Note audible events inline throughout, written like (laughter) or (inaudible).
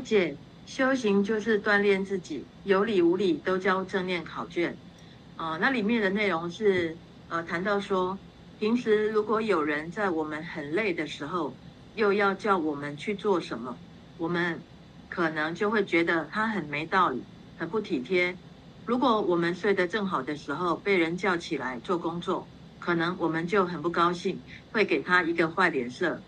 姐，修行就是鍛鍊自己，有理無理都交正念考卷。啊、呃，那裡面的內容是，呃，談到說，平時如果有人在我們很累的時候，又要叫我們去做什麼，我們可能就會覺得他很沒道理，很不體貼。如果我們睡得正好的時候，被人叫起來做工作，可能我們就很不高興，會給他一個壞臉色。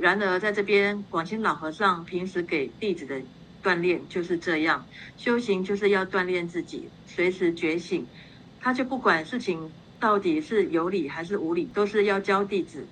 然而，在這邊，廣欽老和尚平時給弟子的鍛鍊就是這樣，修行就是要鍛鍊自己，隨時覺醒。他就不管事情到底是有理還是無理，都是要教弟子，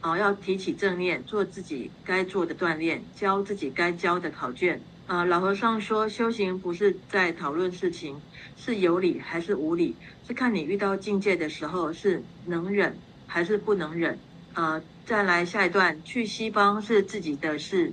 啊、呃，要提起正念，做自己該做的鍛鍊，教自己該教的考卷。啊、呃，老和尚說，修行不是在討論事情是有理還是無理，是看你遇到境界的時候是能忍還是不能忍，啊、呃。再來下一段，去西方是自己的事，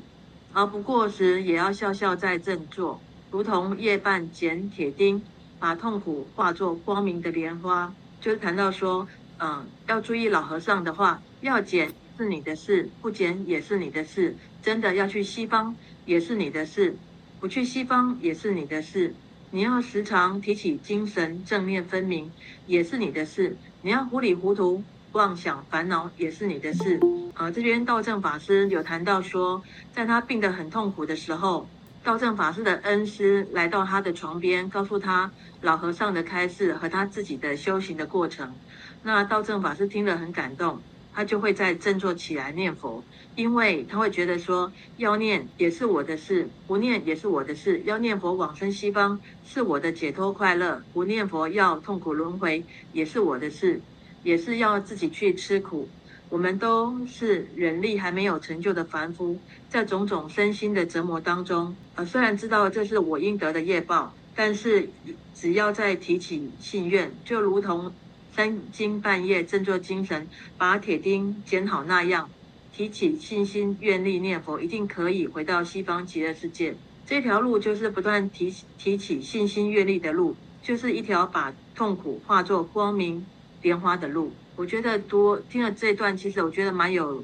熬不過時也要笑笑再振作，如同夜半撿鐵釘，把痛苦化作光明的蓮花。就是、談到說，嗯、呃，要注意老和尚的話，要撿是你的事，不撿也是你的事。真的要去西方也是你的事，不去西方也是你的事。你要時常提起精神，正面分明也是你的事。你要糊裡糊塗，妄想煩惱也是你的事。呃、啊，這邊道正法師有談到說，在他病得很痛苦的時候，道正法師的恩師來到他的床邊，告訴他老和尚的開示和他自己的修行的過程。那道正法師聽了很感動，他就會再振作起來念佛，因為他會覺得說，要念也是我的事，不念也是我的事。要念佛往生西方是我的解脫快樂，不念佛要痛苦輪迴也是我的事。也是要自己去吃苦。我們都是人力還沒有成就的凡夫，在種種身心的折磨當中，呃，雖然知道這是我應得的業報，但是只要再提起信願，就如同三更半夜振作精神，把鐵釘撿好那樣，提起信心願力念佛，一定可以回到西方極樂世界。這條路就是不斷提提起信心願力的路，就是一條把痛苦化作光明蓮花的路，我覺得多聽了這一段，其實我覺得蠻有，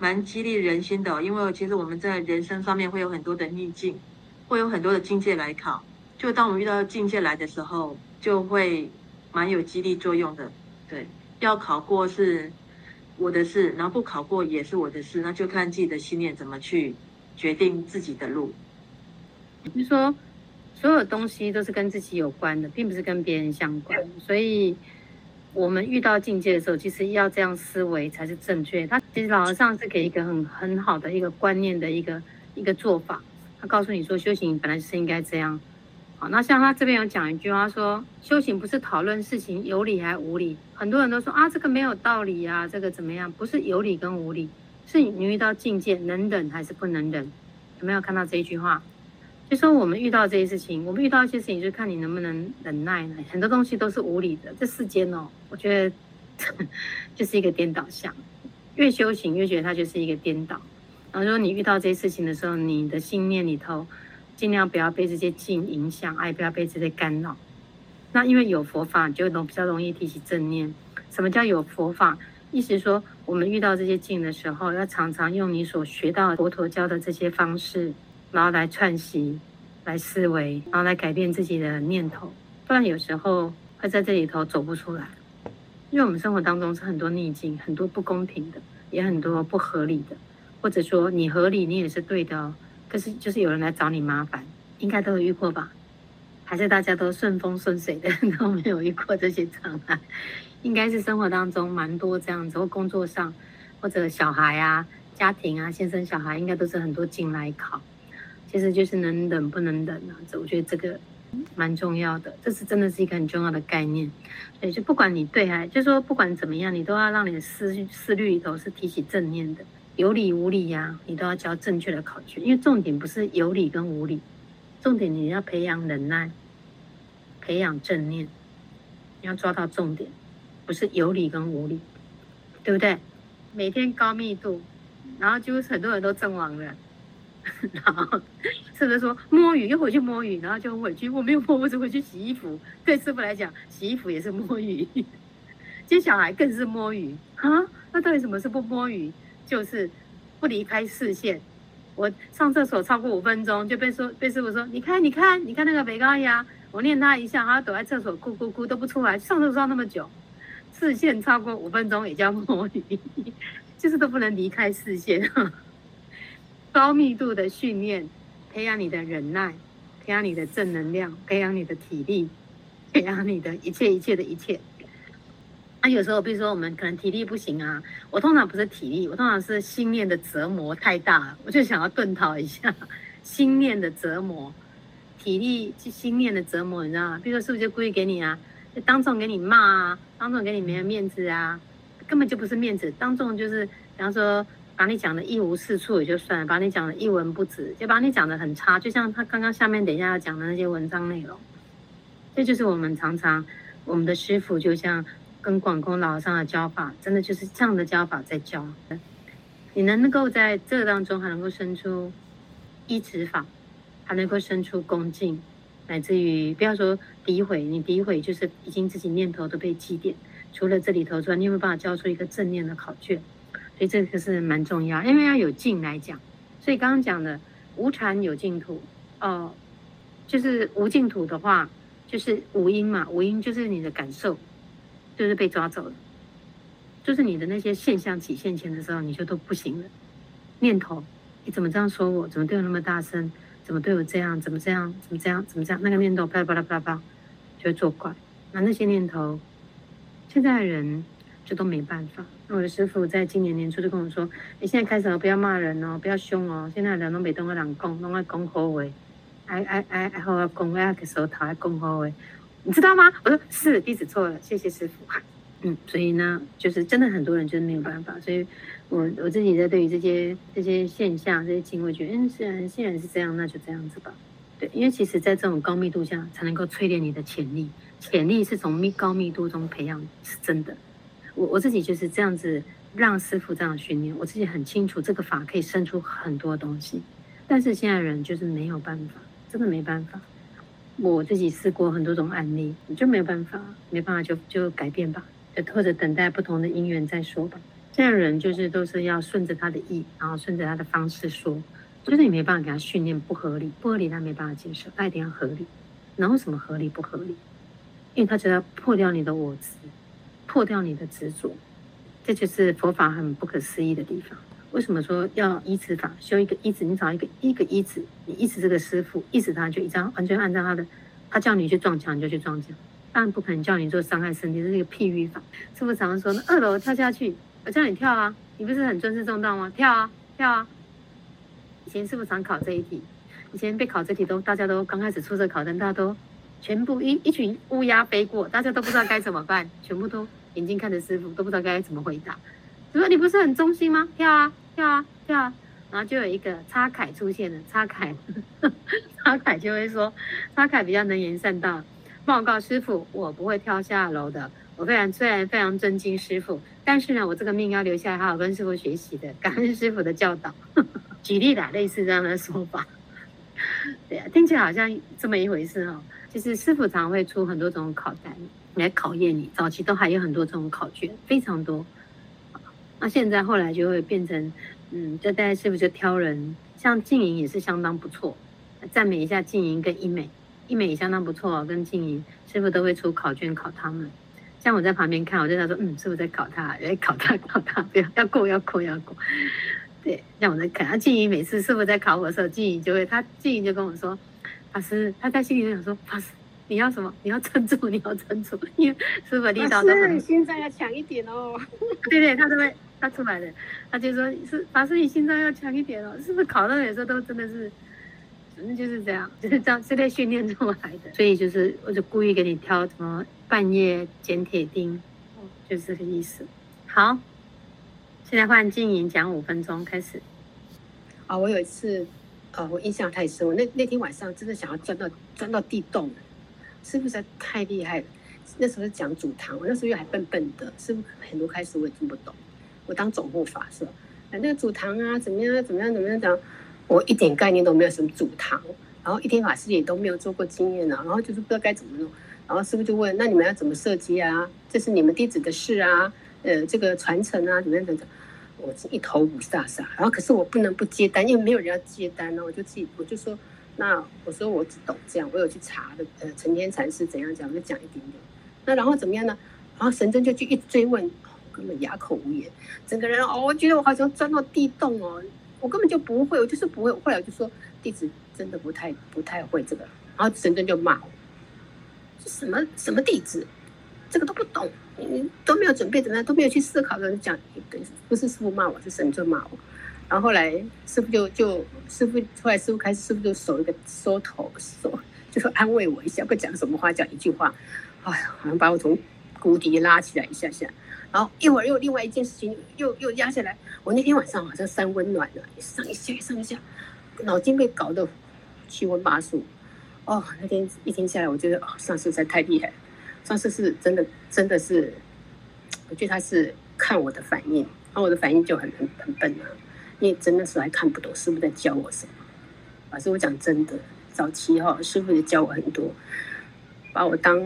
蠻激勵人心的。因為其實我們在人生上面會有很多的逆境，會有很多的境界來考。就當我們遇到境界來的時候，就會蠻有激勵作用的。對，要考過是我的事，然後不考過也是我的事，那就看自己的信念怎麼去決定自己的路。聽說，所有東西都是跟自己有關的，並不是跟別人相關，所以。我們遇到境界的時候，其實要這樣思維才是正確。他其實老和尚是給一個很很好的一個觀念的一個一個做法。他告訴你說，修行本來就是應該這樣。好，那像他這邊有講一句話說，修行不是討論事情有理還無理。很多人都說啊，這個沒有道理啊，這個怎麼樣？不是有理跟無理，是你遇到境界能忍還是不能忍？有沒有看到這一句話？就說我們遇到這些事情，我們遇到一些事情，就看你能不能忍耐，很多東西都是無理的，這世間哦，我覺得呵呵就是一個顛倒相。越修行越覺得它就是一個顛倒。然後，說你遇到這些事情的時候，你的信念裡頭盡量不要被這些境影響，也不要被這些干擾。那因為有佛法，就容易比較容易提起正念。什麼叫有佛法？意思說，我們遇到這些境的時候，要常常用你所學到的佛陀教的這些方式。然後來串習，來思維，然後來改變自己的念頭。不然有時候會在這裡頭走不出來，因為我們生活當中是很多逆境，很多不公平的，也很多不合理的，或者說你合理你也是對的哦。可是就是有人來找你麻煩，應該都有遇過吧？還是大家都順風順水的，都沒有遇過這些障礙？應該是生活當中蠻多這樣子，或工作上，或者小孩啊、家庭啊、先生小孩，應該都是很多境來考。其實就是能忍不能忍啊，這我覺得這個蠻重要的，這是真的是一個很重要的概念。所以就不管你對還，就說不管怎麼樣，你都要讓你的思思慮裡頭是提起正念的，有理無理呀、啊，你都要教正確的考據。因為重點不是有理跟無理，重點你要培養忍耐，培養正念，你要抓到重點，不是有理跟無理，對不對？每天高密度，然後就是很多人都陣亡了。 (laughs) 然後，師傅說摸魚，又回去摸魚，然後就很委屈。我沒有摸，我只會去洗衣服。對師傅來講，洗衣服也是摸魚。其實小孩更是摸魚啊！那到底什麼是不摸魚？就是不離開視線。我上廁所超過五分鐘，就被說被師傅說，你看，你看，你看那個北高牙。我念他一下，他躲在廁所哭哭哭都不出來，上廁所那麼久，視線超過五分鐘也叫摸魚，就是都不能離開視線。高密度的訓練，培養你的忍耐，培養你的正能量，培養你的體力，培養你的一切一切的一切。那、啊、有時候，比如說我們可能體力不行啊，我通常不是體力，我通常是心念的折磨太大了，我就想要遁逃一下。心念的折磨，體力心念的折磨，你知道嗎？比如說，是不是就故意給你啊？就當眾給你罵啊，當眾給你沒有面子啊，根本就不是面子，當眾就是，比方說。把你講的一無是處也就算了，把你講的一文不值，就把你講的很差，就像他剛剛下面等一下要講的那些文章內容，這就是我們常常我們的師傅，就像跟廣公老和尚的教法，真的就是這樣的教法在教。你能夠在這個當中還能夠生出依止法，還能夠生出恭敬，乃至於不要說詆毀，你詆毀就是已經自己念頭都被積澱，除了這裡頭之外，你有沒有辦法交出一個正念的考卷？所以這個是蠻重要，因為要有境來講。所以剛剛講的，無禪有淨土，哦、呃，就是無淨土的話，就是無因嘛，無因就是你的感受，就是被抓走了，就是你的那些現象起現前的時候，你就都不行了。念頭，你怎麼這樣說我？怎麼對我那麼大聲？怎麼對我這樣？怎麼這樣？怎麼這樣？怎麼這樣？那個念頭巴拉巴拉巴拉巴拉，就會作怪。那那些念頭，現在的人就都沒辦法。我的師傅在今年年初就跟我說：“你、欸、現在開始不要罵人哦，不要凶哦。現在人攏袂同個人講，攏愛講好話，哎哎，愛後好好講。愛個時候討還講好話，你知道嗎？”我說：“是，弟子錯了，謝謝師傅。”嗯，所以呢，就是真的很多人就是沒有辦法。所以我，我我自己在對於這些這些現象，這些機會，覺得，嗯、欸，雖然雖然是這樣，那就這樣子吧。對，因為其實，在這種高密度下，才能夠淬煉你的潛力。潛力是從密高密度中培養，是真的。我我自己就是這樣子讓師父這樣訓練，我自己很清楚這個法可以生出很多東西，但是現在人就是沒有辦法，真的沒辦法。我自己試過很多種案例，你就沒有辦法，沒辦法就就改變吧，就或者等待不同的因緣再說吧。現在的人就是都是要順着他的意，然後順着他的方式說，就是你沒辦法給他訓練不合理，不合理他沒辦法接受，他一定要合理。然後什麼合理不合理？因為他就要破掉你的我執。破掉你的執着，這就是佛法很不可思議的地方。為什麼說要依止法修一個依止，你找一個一個依止，你依止這個師傅，依止他就依照完全按照他的，他叫你去撞牆你就去撞牆，當然不可能叫你做傷害身體，的那個譬喻法。師傅常常說：“那二樓跳下去，我叫你跳啊！你不是很尊師重道嗎？跳啊，跳啊！”以前師傅常考這一題，以前被考這題都大家都剛開始出這考的，大家都全部一一群烏鴉飛過，大家都不知道該怎麼辦，全部都。眼睛看着師傅，都不知道該怎麼回答。師說，你不是很忠心嗎？跳啊，跳啊，跳啊！然後就有一個插楷出現了，插楷，插楷就會說，插楷比較能言善道。報告師傅，我不會跳下樓的。我非常雖然非常尊敬師傅，但是呢，我這個命要留下來，還好跟師傅學習的。感恩師傅的教導。呵呵舉例啦，類似這樣的說法。對啊，聽起來好像這麼一回事哦。就是師傅常會出很多種考題。來考驗你，早期都還有很多這種考卷，非常多。那現在後來就會變成，嗯，就大家是不是就挑人？像靜怡也是相當不錯，讚美一下靜怡跟一美，一美也相當不錯哦，跟靜怡師傅都會出考卷考他們。像我在旁邊看，我就想說，嗯，師傅在考他，哎，考他，考他，不要，要過，要過，要過。對，像我在看，啊，靜怡每次師傅在考我的時候，靜怡就會，她靜怡就跟我說，法師，她在心裡想說，法師。你要什麼？你要撐住，你要撐住，因為師父力道都很。法師，你心臟要強一點哦。 (laughs) 對對，他都會，他出來的，他就說是老、啊、師，你心臟要強一點哦，是不是？考到有時候都真的是，反正就是這樣，就是這樣，是在訓練出來的。所以就是我就故意給你挑什麼半夜撿鐵釘，就是這個意思。好，現在換靜音，講五分鐘開始。啊，我有一次，呃、哦，我印象太深，我那那天晚上真的想要鑽到鑽到地洞師傅實在太厲害了。那時候講祖堂，我那時候又還笨笨的，師傅，很多開始我也聽不懂。我當總護法師，那個祖堂啊，怎麼樣？怎麼樣？怎麼樣？講我一點概念都沒有，什麼祖堂，然後一點法師也都沒有做過經驗呢、啊，然後就是不知道該怎麼弄。然後師傅就問：“那你們要怎麼設計啊？這是你們弟子的事啊，呃，這個傳承啊，怎麼樣？怎麼樣，怎麼樣？”我是一頭霧煞煞。然後可是我不能不接單，因為沒有人要接單呢，我就自己我就說。那我說我只懂這樣，我有去查的，呃，成天禪是怎樣講就講一點點。那然後怎麼樣呢？然後神尊就去一追問，我、哦、根本啞口無言，整個人哦，我覺得我好像鑽到地洞哦，我根本就不會，我就是不會。後來我就說弟子真的不太不太會這個。然後神尊就罵我，是什麼什麼弟子，這個都不懂，你都沒有準備怎樣，都沒有去思考，然後就講一個，不是師父罵我，是神尊罵我。然後後來師，師傅就就師傅出來，師傅開始師傅就手一個收頭，收就說安慰我一下，不講什麼話，講一句話，哎呀，好像把我從谷底拉起來一下下。然後一會兒又另外一件事情又又壓下來。我那天晚上好像三溫暖了，上一下上一下，腦筋被搞得七葷八素。哦，那天一天下來，我覺得哦，上次實在太厲害了，上次是真的真的是，我覺得他是看我的反應，然後我的反應就很很很笨啊。因為真的是還看不懂師傅在教我什麼，老、啊、師，我講真的，早期哈、哦、師傅也教我很多，把我當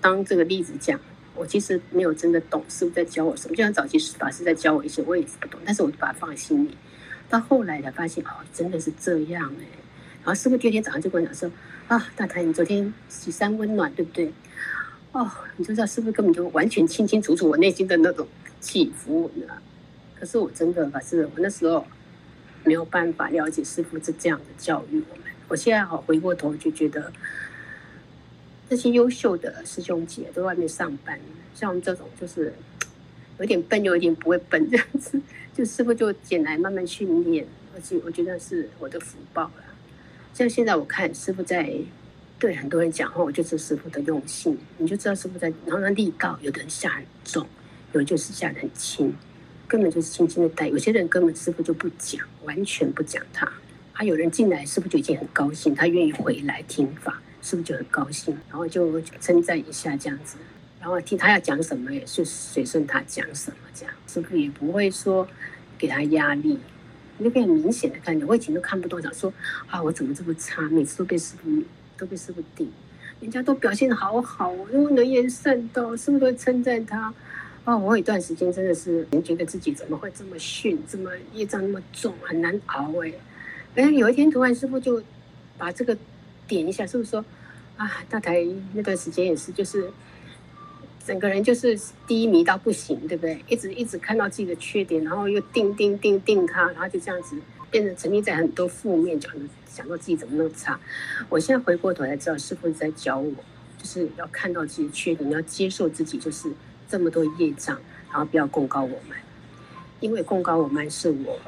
當這個例子講。我其實沒有真的懂師傅在教我什麼，就像早期法師在教我一些，我也是不懂，但是我就把它放在心裡。到後來才發現哦，真的是這樣誒。然後師傅第二天早上就跟我講說啊，大台，你昨天洗三溫暖對不對？哦，你就知道師傅根本就完全清清楚楚我內心的那種起伏、啊。可是我真的是，反正我那時候沒有辦法了解師傅是這樣的教育我們。我現在好回過頭就覺得，這些優秀的師兄姐都在外面上班，像我們這種就是有點笨又有點不會笨這樣子，就師傅就撿來慢慢訓練。而且我覺得是我的福報了。像現在我看師傅在對很多人講話，我就是師傅的用心，你就知道師傅在，然後他力道有的下很重，有人就是下很輕。根本就是輕輕的帶，有些人根本師父就不講，完全不講他。還有人進來，師父就已經很高興，他願意回來聽法，師父就很高興，然後就，就稱讚一下這樣子，然後聽他要講什麼，也是隨順他講什麼這樣，師父也不會說給他壓力。你那邊很明顯的看你，我以前都看不到他說啊，我怎麼這麼差，每次都被師父、都被師父頂，人家都表現的好好，又能言善道，師父都稱讚他。哦，我有一段時間真的是覺得自己怎麼會這麼遜，這麼業障那麼重，很難熬哎！哎，有一天突然師傅就把這個點一下，師傅說：“啊，大台那段時間也是，就是整個人就是低迷到不行，對不對？一直一直看到自己的缺點，然後又定定定定他，然後就這樣子變成沉迷在很多負面，就可能想到自己怎麼那麼差。我現在回過頭才知道，師傅在教我，就是要看到自己的缺點，你要接受自己，就是。”這麼多業障，然後不要貢高我慢，因為貢高我慢是我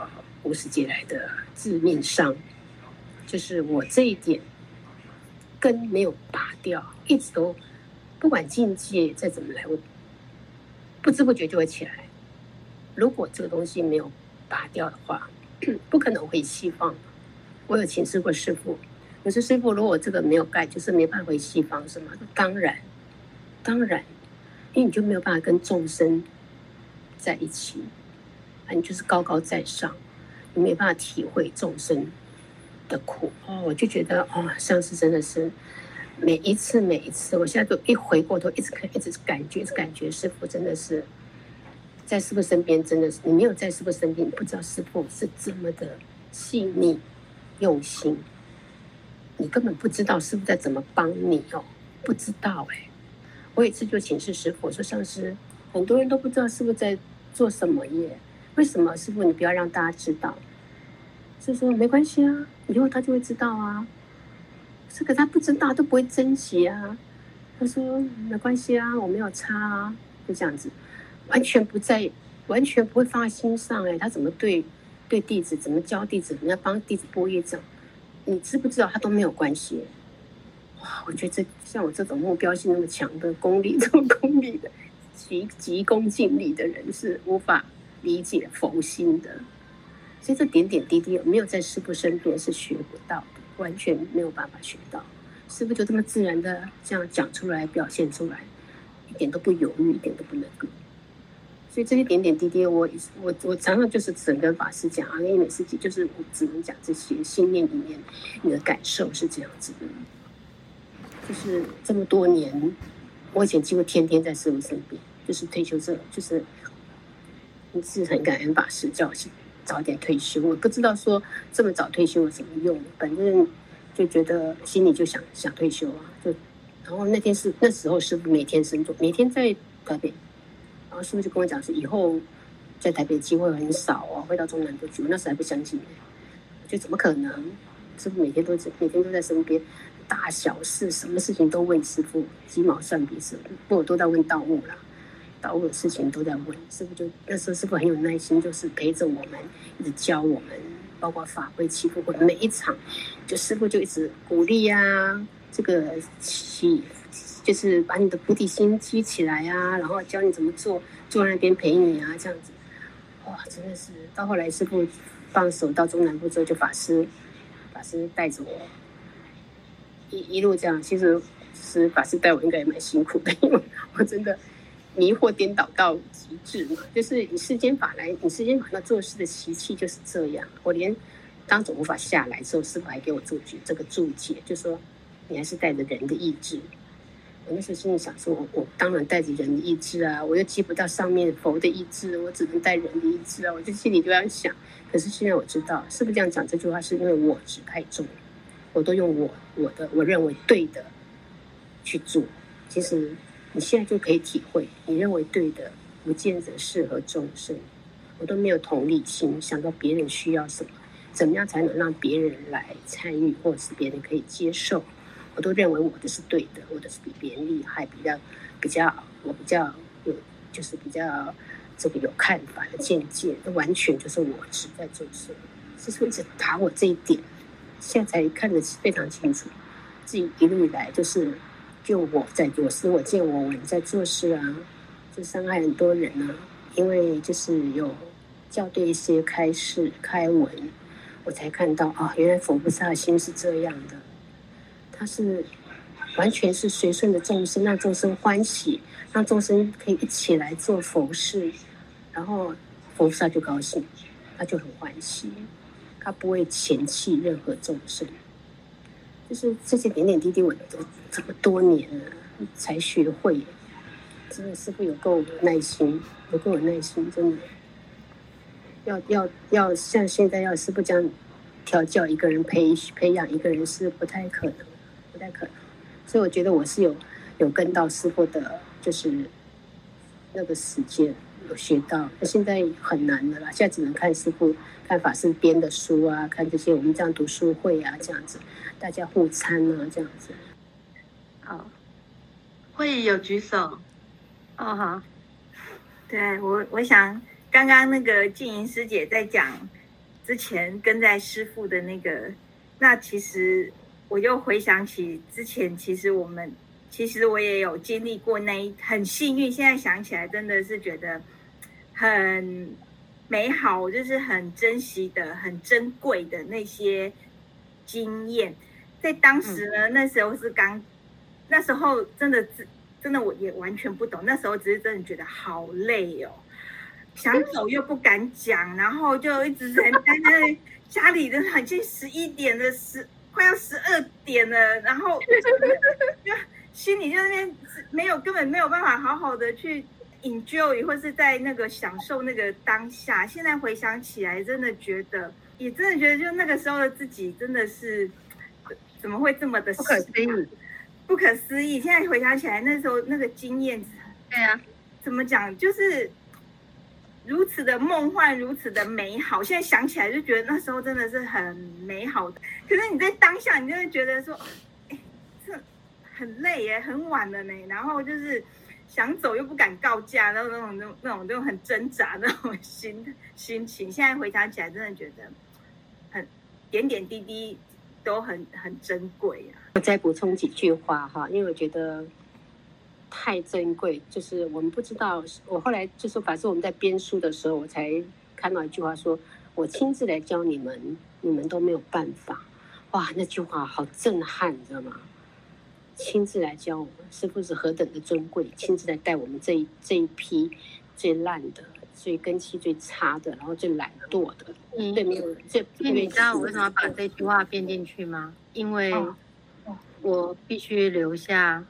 無始劫來的致命傷，字面上就是我這一點根沒有拔掉，一直都不管境界再怎麼來，我不知不覺就會起來。如果這個東西沒有拔掉的話，不可能回西方。我有請示過師父，我說師父，如果我這個沒有蓋，就是沒辦法回西方，是嗎？當然，當然。因為你就沒有辦法跟眾生在一起，啊，你就是高高在上，你沒有辦法體會眾生的苦哦。我就覺得哦，上次真的是每一次每一次，我現在都一回過頭，一直看，一直感覺，一直感覺師傅真的是在師傅身邊，真的是你沒有在師傅身邊，你不知道師傅是怎麼的細膩用心，你根本不知道師傅在怎麼幫你哦，不知道哎。我有一次就請示師傅，我說：“上師，很多人都不知道師傅在做什麼業，為什麼師傅，你不要讓大家知道？”師傅說：“沒關係啊，以後他就會知道啊。這個他不知道都不會珍惜啊。”他說：“沒關係啊，我沒有差啊。”就這樣子，完全不在，完全不會放在心上，欸。哎，他怎麼對對弟子，怎麼教弟子，怎麼幫弟子播業障？你知不知道他都沒有關係。我覺得這像我這種目標性那麼強的功利，這麼功利的急急功近利的人，是無法理解佛心的。所以這點點滴滴，我沒有在師父身邊是學不到的，完全沒有辦法學到。師父就這麼自然的這樣講出來、表現出來，一點都不猶豫，一點都不那個。所以這些點點滴滴，我我我常常就是只能跟法師講啊，跟一美師姐就是我只能講這些信念裡面你的感受是這樣子的。就是這麼多年，我以前幾乎天天在師傅身邊。就是退休這，就是，你是很感恩法師叫我早點退休。我不知道說這麼早退休有什麼用，反正就覺得心裡就想想退休啊。就，然後那天是那時候師傅每天深坐，每天在台北，然後師傅就跟我講，是以後在台北機會很少哦、啊，會到中南部去。我那時候還不相信，就怎麼可能？師傅每天都在，每天都在身邊。大小事，什麼事情都問師傅，雞毛蒜皮事，不都在問道務了？道務的事情都在問師傅，就那時候師傅很有耐心，就是陪着我們，一直教我們，包括法會、祈福過每一場，就師傅就一直鼓勵啊，這個起，就是把你的菩提心提起來啊，然後教你怎麼做，坐在那邊陪你啊，這樣子，哇，真的是到後來師傅放手到中南部之後，就法師，法師帶着我。一一路這樣，其實是法師帶我應該也蠻辛苦的，因為我真的迷惑顛倒到極致嘛。就是以世間法來，以世間法那做事的習氣就是這樣。我連當眾無法下來之後，師父還給我註解，這個注解就說，你還是帶着人的意志。我那時候心裡想說，我我當然帶着人的意志啊，我又記不到上面佛的意志，我只能帶人的意志啊。我就心裡這樣想，可是現在我知道，師父這樣講這句話是因為我執太重。我都用我我的我認為對的去做，其實你現在就可以體會，你認為對的不見得適合眾生，我都沒有同理心，想到別人需要什麼，怎麼樣才能讓別人來參與或者是別人可以接受，我都認為我的是對的，我的是比別人厲害，比較比較我比較有就是比較這個有看法的見解，都完全就是我只在做事，是不是只打我這一點？現在看得非常清楚，自己一路來就是救，就我在做事，我見我我在做事啊，就傷害很多人啊。因為就是有校對一些開示、開文，我才看到啊，原來佛菩薩的心是這樣的，他是完全是隨順的眾生，讓眾生歡喜，讓眾生可以一起來做佛事，然後佛菩薩就高興，他就很歡喜。他不會嫌棄任何眾生，就是這些點點滴滴，我都這麼多年了才學會。真的，師傅有夠有耐心，有夠有耐心，真的。要要要，像現在要師傅這樣調教一個人、培培養一個人是不太可能，不太可能。所以我覺得我是有有跟到師傅的，就是那個時間有學到。現在很難的啦，現在只能看師傅。看法師編的書啊，看這些我們這樣讀書會啊，這樣子，大家互參啊，這樣子。好，oh. 會議有舉手？哦、oh, oh.。好。對我，我想剛剛那個靜瑩師姐在講，之前跟在師父的那個，那其實我又回想起之前，其實我們其實我也有經歷過那一，很幸運，現在想起來真的是覺得很。美好，我就是很珍惜的、很珍貴的那些經驗，在當時呢，嗯、那時候是剛，那時候真的真真的我也完全不懂，那時候只是真的覺得好累哦，想走又不敢講，嗯、然後就一直人呆在那裡，家裡的已經十一點了， (laughs) 十快要十二點了，然後就，就，就，就心裡就那邊沒有根本沒有辦法好好的去。Enjoy，或是在那個享受那個當下。現在回想起來，真的覺得，也真的覺得，就那個時候的自己，真的是怎麼會這麼的、啊、不可思議？啊、不可思議！現在回想起來，那時候那個經驗，對呀、啊，怎麼講，就是如此的夢幻，如此的美好。現在想起來就覺得那時候真的是很美好的。可是你在當下，你就會覺得說，哎，這很累耶，很晚了呢。然後就是。想走又不敢告假，那種那種那種那種很掙扎那種心心情，現在回想起來，真的覺得很點點滴滴都很很珍貴啊，我再補充幾句話哈，因為我覺得太珍貴，就是我們不知道。我後來就是反正是我們在編書的時候，我才看到一句話說，說我親自來教你們，你們都沒有辦法。哇，那句話好震撼，你知道嗎？親自來教我們，師傅是何等的尊貴！親自來帶我們這一這一批最爛的、最根基最差的，然後最懶惰的。嗯、對面，沒有這那你知道我為什麼要把這句話編進去嗎？因為，我必須留下。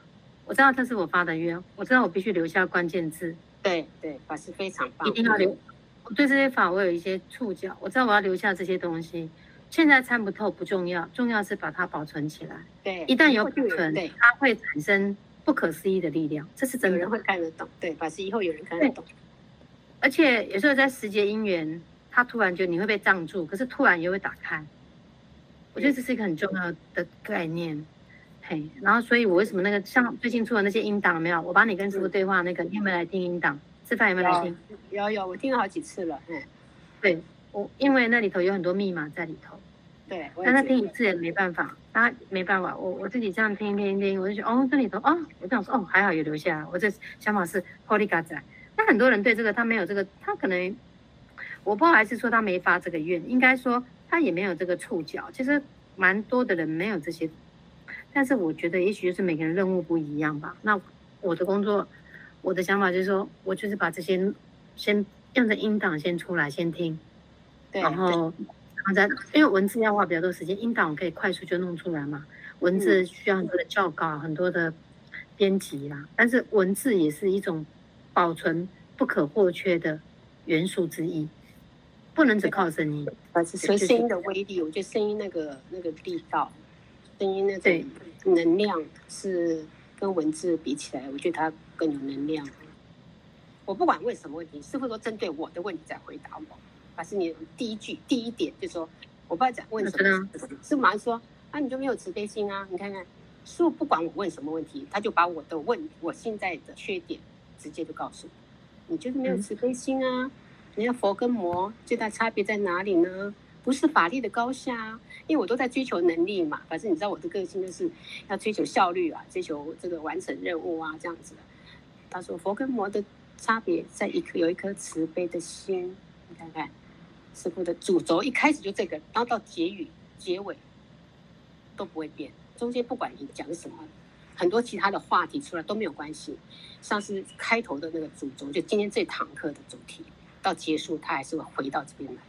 我知道這是我發的願，我知道我必須留下關鍵字。對對，法師非常棒，一定要留。我對這些法我有一些觸角，我知道我要留下這些東西。現在參不透不重要，重要是把它保存起來。對，一旦有保存，對它會產生不可思議的力量。這是整個人會看得懂。對，法師以後有人看得懂。而且有時候在時節因緣，他突然就你會被障住，可是突然又會打開。我覺得這是一個很重要的概念。嗯、嘿，然後所以，我為什麼那個像最近出的那些音檔沒有？我幫你跟師傅對話那個，嗯、你有沒有來聽音檔？吃飯有沒有來聽？有有，我聽了好幾次了。嗯，對。我因為那裡頭有很多密碼在裡頭，對，但他聽一次也沒辦法，他沒辦法。我我自己這樣聽一聽一聽，我就覺得哦，這裡頭，哦，我這樣說，哦，還好有留下來。我這想法是破 o 噶在。那很多人對這個他沒有這個，他可能，我不知道還是說他沒發這個願，應該說他也沒有這個觸角。其實蠻多的人沒有這些，但是我覺得也許就是每個人任務不一樣吧。那我的工作，我的想法就是說我就是把這些先用着音檔先出來先聽。然後，好，因為文字要花比較多時間，音檔可以快速就弄出來嘛。文字需要很多的校稿，嗯、很多的編輯啦。但是文字也是一種保存不可或缺的元素之一，不能只靠聲音。而且、就是、聲音的威力，我覺得聲音那個那個力道，聲音那種能量是跟文字比起來，我覺得它更有能量。我不管問什麼問題，師傅都針對我的問題在回答我。還是你第一句第一點就說，我不知道在問什麼，嗯、是馬上說啊，你就沒有慈悲心啊？你看看，師父不管我問什麼問題，他就把我的問我現在的缺點直接就告訴你，你就是沒有慈悲心啊！你看佛跟魔最大差別在哪裡呢？不是法力的高下，因為我都在追求能力嘛。反正你知道我的個性就是要追求效率啊，追求這個完成任務啊這樣子。他說佛跟魔的差別在一顆有一顆慈悲的心，你看看。師傅的主軸一開始就這個，然後到結語、結尾都不會變，中間不管你講什麼，很多其他的話題出來都沒有關係。像是開頭的那個主軸，就今天這堂課的主題，到結束他還是會回到這邊來。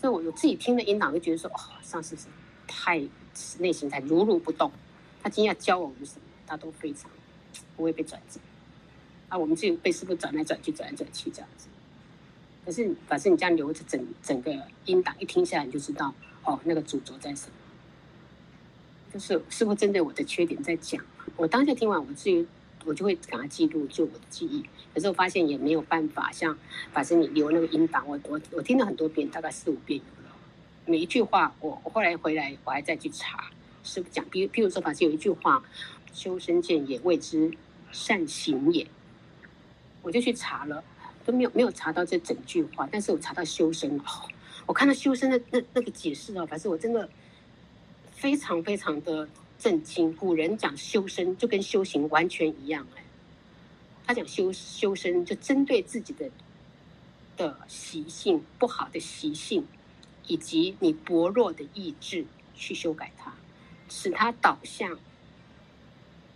所以我自己聽的音檔就覺得說，哦，上次是太內心在如如不動。他今天要教我們什麼？他都非常不會被轉折，啊，我們自己被師父轉來轉去，轉來轉去這樣子。可是，法師，你這樣留着整整個音檔，一聽下來你就知道，哦，那個主軸在什麼。就是師父針對我的缺點在講，我當下聽完，我至於，我就會給它記錄，就我的記憶。可是我發現也沒有辦法，像法師你留那個音檔，我我我聽了很多遍，大概四五遍，有了。每一句話，我我後來回來，我還再去查師父講，譬如譬如說法師有一句話，修身見也謂之善行也，我就去查了。都沒有沒有查到這整句話，但是我查到修身哦，我看到修身的那那個解釋哦、啊，反正是我真的非常非常的震驚。古人講修身，就跟修行完全一樣哎。他講修修身，就針對自己的的習性不好的習性，以及你薄弱的意志去修改它，使它導向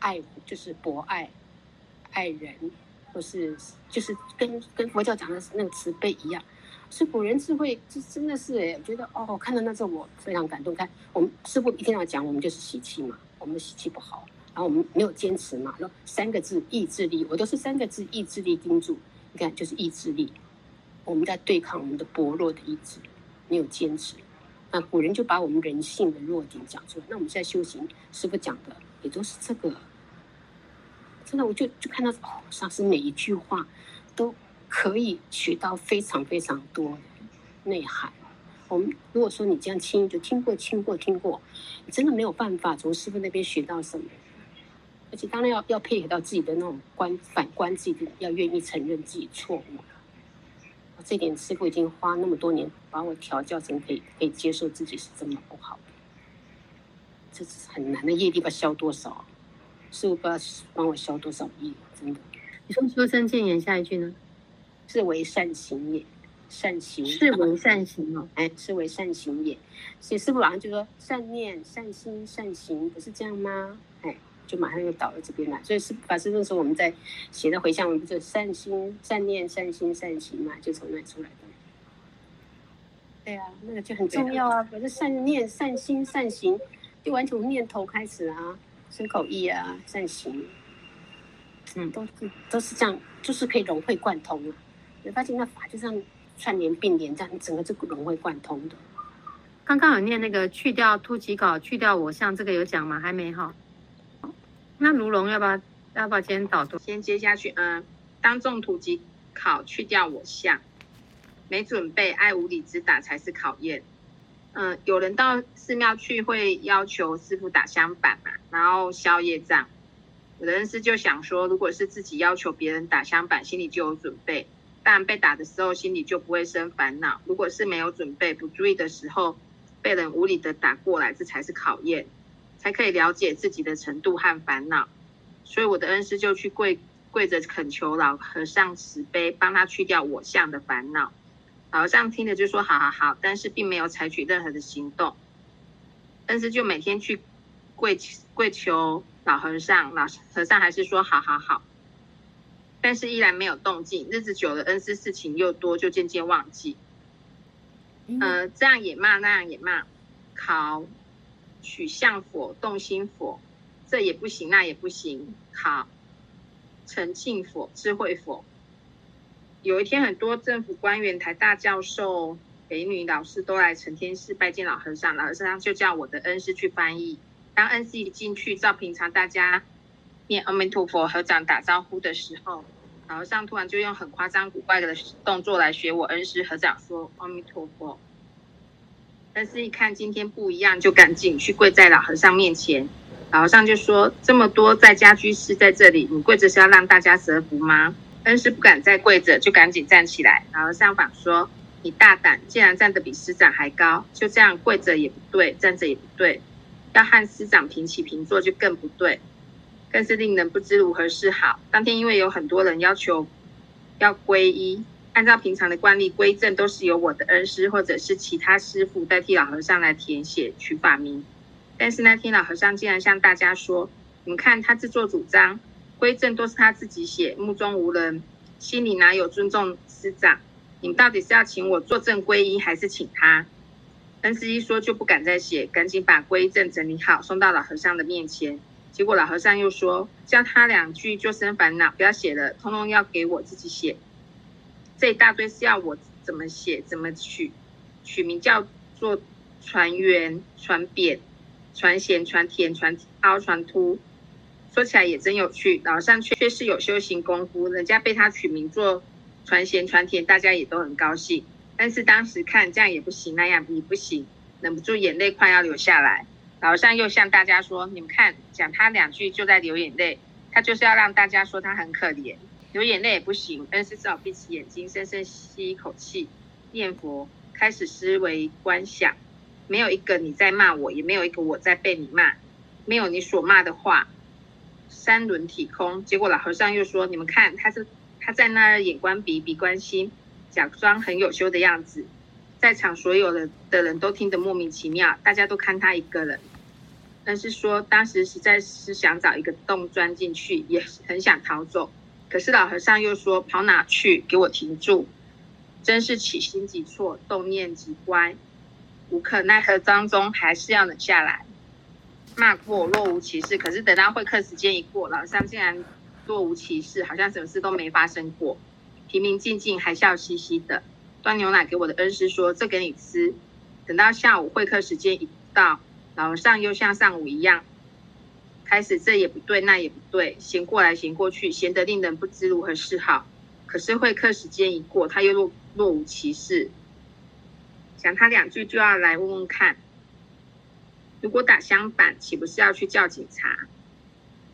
愛，就是博愛愛人。或是就是跟跟佛教講的那個慈悲一樣，是古人智慧，就真的是我覺得哦，看到那時候我非常感動。看我們師傅一定要講，我們就是習氣嘛，我們的習氣不好，然後我們沒有堅持嘛。然後三個字意志力，我都是三個字意志力盯住。你看，就是意志力，我們在對抗我們的薄弱的意志，沒有堅持。那古人就把我們人性的弱點講出來。那我們現在修行師傅講的也都是這個。真的，我就就看到哦，好像是每一句話，都可以學到非常非常多內涵。我們如果說你這樣輕易就聽過、聽過、聽過，你真的沒有辦法從師傅那邊學到什麼。而且當然要要配合到自己的那種觀，反觀自己的，要願意承認自己錯誤。我這點師傅已經花那麼多年把我調教成可以可以接受自己是這麼不好的，這是很難的業力，要消多少？師父不知道幫我消多少業，真的。你說“修身進言”下一句呢？是為善行也，善行是、哦嗯哎、為善行。哦。哎，是為善行也。所以師傅馬上就說：“善念、善心、善行，不是這樣嗎？”哎，就馬上又到了這邊來。所以師父法師那時候我們在寫的回向文，不就「善心、善念、善心、善行嘛？就從那出來的。對啊，那個就很重要啊！可是，善念、善心、善行，就完全從念頭開始啊。身口意啊，善行，嗯，都是、嗯、都是這樣，就是可以融會貫通啊。你發現那法就像連連這樣串聯併聯，這樣整個就融會貫通的。剛剛有念那個去掉突擊考、去掉我相，這個有講嗎？還沒哈。那盧龍要不要，要不要先倒退？先接下去，嗯，當眾突擊考，去掉我相。沒準備，挨無理之打才是考驗。嗯，有人到寺廟去會要求師父打香板嘛，然後消業障。我的恩師就想說，如果是自己要求別人打香板，心裡就有準備，但被打的時候心裡就不會生煩惱。如果是沒有準備、不注意的時候，被人無理的打過來，這才是考驗，才可以了解自己的程度和煩惱。所以我的恩師就去跪跪着懇求老和尚慈悲，幫他去掉我相的煩惱。老和尚聽着就說好好好，但是並沒有採取任何的行動。恩師就每天去跪跪求老和尚，老和尚還是說好好好，但是依然沒有動靜。日子久了，恩師事情又多，就漸漸忘記。呃，這樣也罵，那樣也罵，考取相佛、動心佛，這也不行，那也不行，考誠信佛、智慧佛。有一天，很多政府官員、台大教授、美女老師都來承天寺拜見老和尚。老和尚就叫我的恩師去翻譯。當恩師一進去，照平常大家念阿彌陀佛、合掌打招呼的時候，老和尚突然就用很誇張、古怪的動作來學我恩師合掌說阿彌陀佛。恩師一看今天不一樣，就趕緊去跪在老和尚面前。老和尚就說：“這麼多在家居士在這裡，你跪着是要讓大家折服嗎？”恩師不敢再跪着，就趕緊站起來，然後上訪說：“你大膽，竟然站得比師長還高，就這樣跪着也不對，站着也不對，要和師長平起平坐就更不對，更是令人不知如何是好。”當天因為有很多人要求要皈依，按照平常的慣例，皈證都是由我的恩師或者是其他師父代替老和尚來填寫取法名，但是那天，老和尚竟然向大家說：“你們看他自作主張。”皈證都是他自己寫，目中無人，心裡哪有尊重師長？你們到底是要請我作證皈依，還是請他？恩師一說就不敢再寫，趕緊把皈證整理好，送到老和尚的面前。結果老和尚又說，教他兩句就生煩惱，不要寫了，通通要給我自己寫。這一大堆是要我怎麼寫，怎麼取？取名叫做船圓、船扁、船鹹、船甜、船凹、船凸。說起來也真有趣，老尚確是有修行功夫，人家被他取名做傳閒傳天，大家也都很高興。但是當時看這樣也不行，那樣也不行，忍不住眼淚快要流下來。老尚又向大家說：“你們看，講他兩句就在流眼淚，他就是要讓大家說他很可憐，流眼淚也不行。”但是只好閉起眼睛，深深吸一口氣，念佛，開始思維觀想。沒有一個你在罵我，也沒有一個我在被你罵，沒有你所罵的話。三輪體空，結果老和尚又說：“你們看，他是他在那兒眼觀鼻，鼻觀心，假裝很有修的樣子，在場所有的的人都聽得莫名其妙，大家都看他一個人。但是說當時實在是想找一個洞鑽進去，也很想逃走，可是老和尚又說：‘跑哪去？給我停住！’真是起心即錯，動念即乖，無可奈何當中，還是要忍下來。”罵過若無其事，可是等到會客時間一過，老和尚竟然若無其事，好像什麼事都沒發生過，平平靜靜，還笑嘻嘻的端牛奶給我的恩師說：“這給你吃。”等到下午會客時間一到，老和尚又像上午一樣，開始這也不對那也不對，閒過來閒過去，閒得令人不知如何是好。可是會客時間一過，他又若若無其事，講他兩句就要來問問看。如果打香板，豈不是要去叫警察？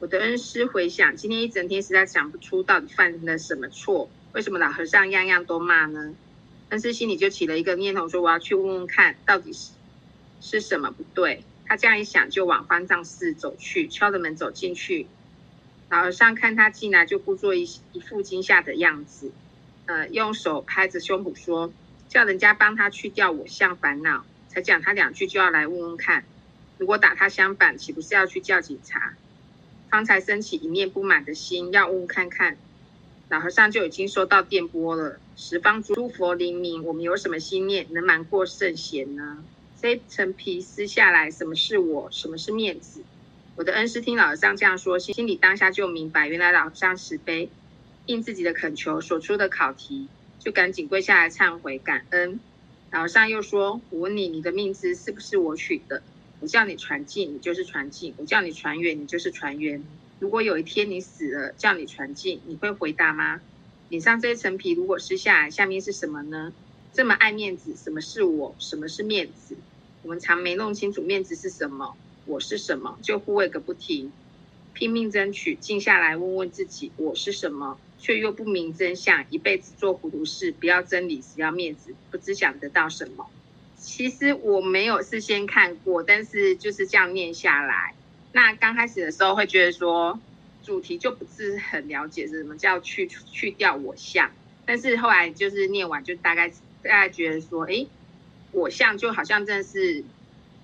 我的恩師回想今天一整天，實在想不出到底犯了什麼錯，為什麼老和尚樣樣都罵呢？恩師心裡就起了一個念頭說，說我要去問問看，到底是是什麼不對。他這樣一想，就往方丈室走去，敲着門走進去。老和尚看他進來就不做，就故作一一副驚嚇的樣子，呃，用手拍着胸脯說：“叫人家幫他去掉我相煩惱，才講他兩句就要來問問看。”如果打他相反，豈不是要去叫警察？方才升起一念不滿的心，要問問看看，老和尚就已經收到電波了。十方諸佛靈明，我們有什麼心念能瞞過聖賢呢？這層皮撕下來，什麼是我，什麼是面子？我的恩師聽老和尚這樣說，心心裡當下就明白，原來老和尚慈悲。應自己的懇求所出的考題，就趕緊跪下來懺悔感恩。老和尚又說：“我問你，你的名字是不是我取的？”我叫你傳近，你就是傳近。我叫你傳遠，你就是傳遠。如果有一天你死了，叫你傳近，你會回答嗎？臉上這一層皮如果撕下來，下面是什麼呢？這麼愛面子，什麼是我，什麼是面子？我們常沒弄清楚面子是什麼，我是什麼，就護衛個不停，拼命爭取。靜下來問問自己，我是什麼？卻又不明真相，一輩子做糊塗事，不要真理，只要面子，不知想得到什麼。其實我沒有事先看過，但是就是這樣念下來。那剛開始的時候會覺得說主題就不是很了解，是什麼叫去去掉我相。但是後來就是念完，就大概大家覺得說，哎，我相就好像真的是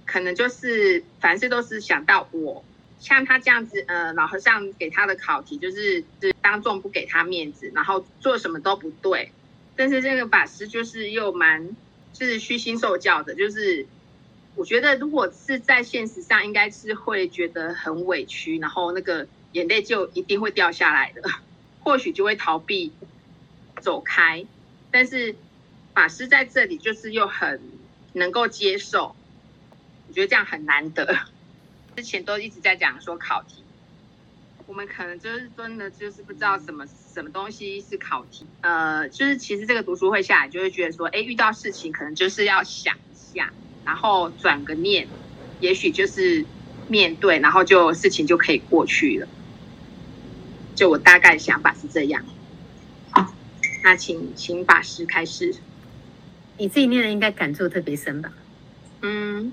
可能就是凡事都是想到我。像他這樣子，呃，老和尚給他的考題就是，就是當眾不給他面子，然後做什麼都不對。但是這個法師就是又蠻。是虛心受教的，就是我覺得如果是在現實上，應該是會覺得很委屈，然後那個眼淚就一定會掉下來的，或許就會逃避走開。但是法師在這裡就是又很能夠接受，我覺得這樣很難得。之前都一直在講說考題。我們可能就是真的，就是不知道什麼什麼東西是考題，呃，就是其實這個讀書會下來，就會覺得說，哎，遇到事情可能就是要想一下，然後轉個念，也許就是面對，然後就事情就可以過去了。就我大概想法是這樣。好，那請請法師開始。你自己念的應該感觸特別深吧？嗯。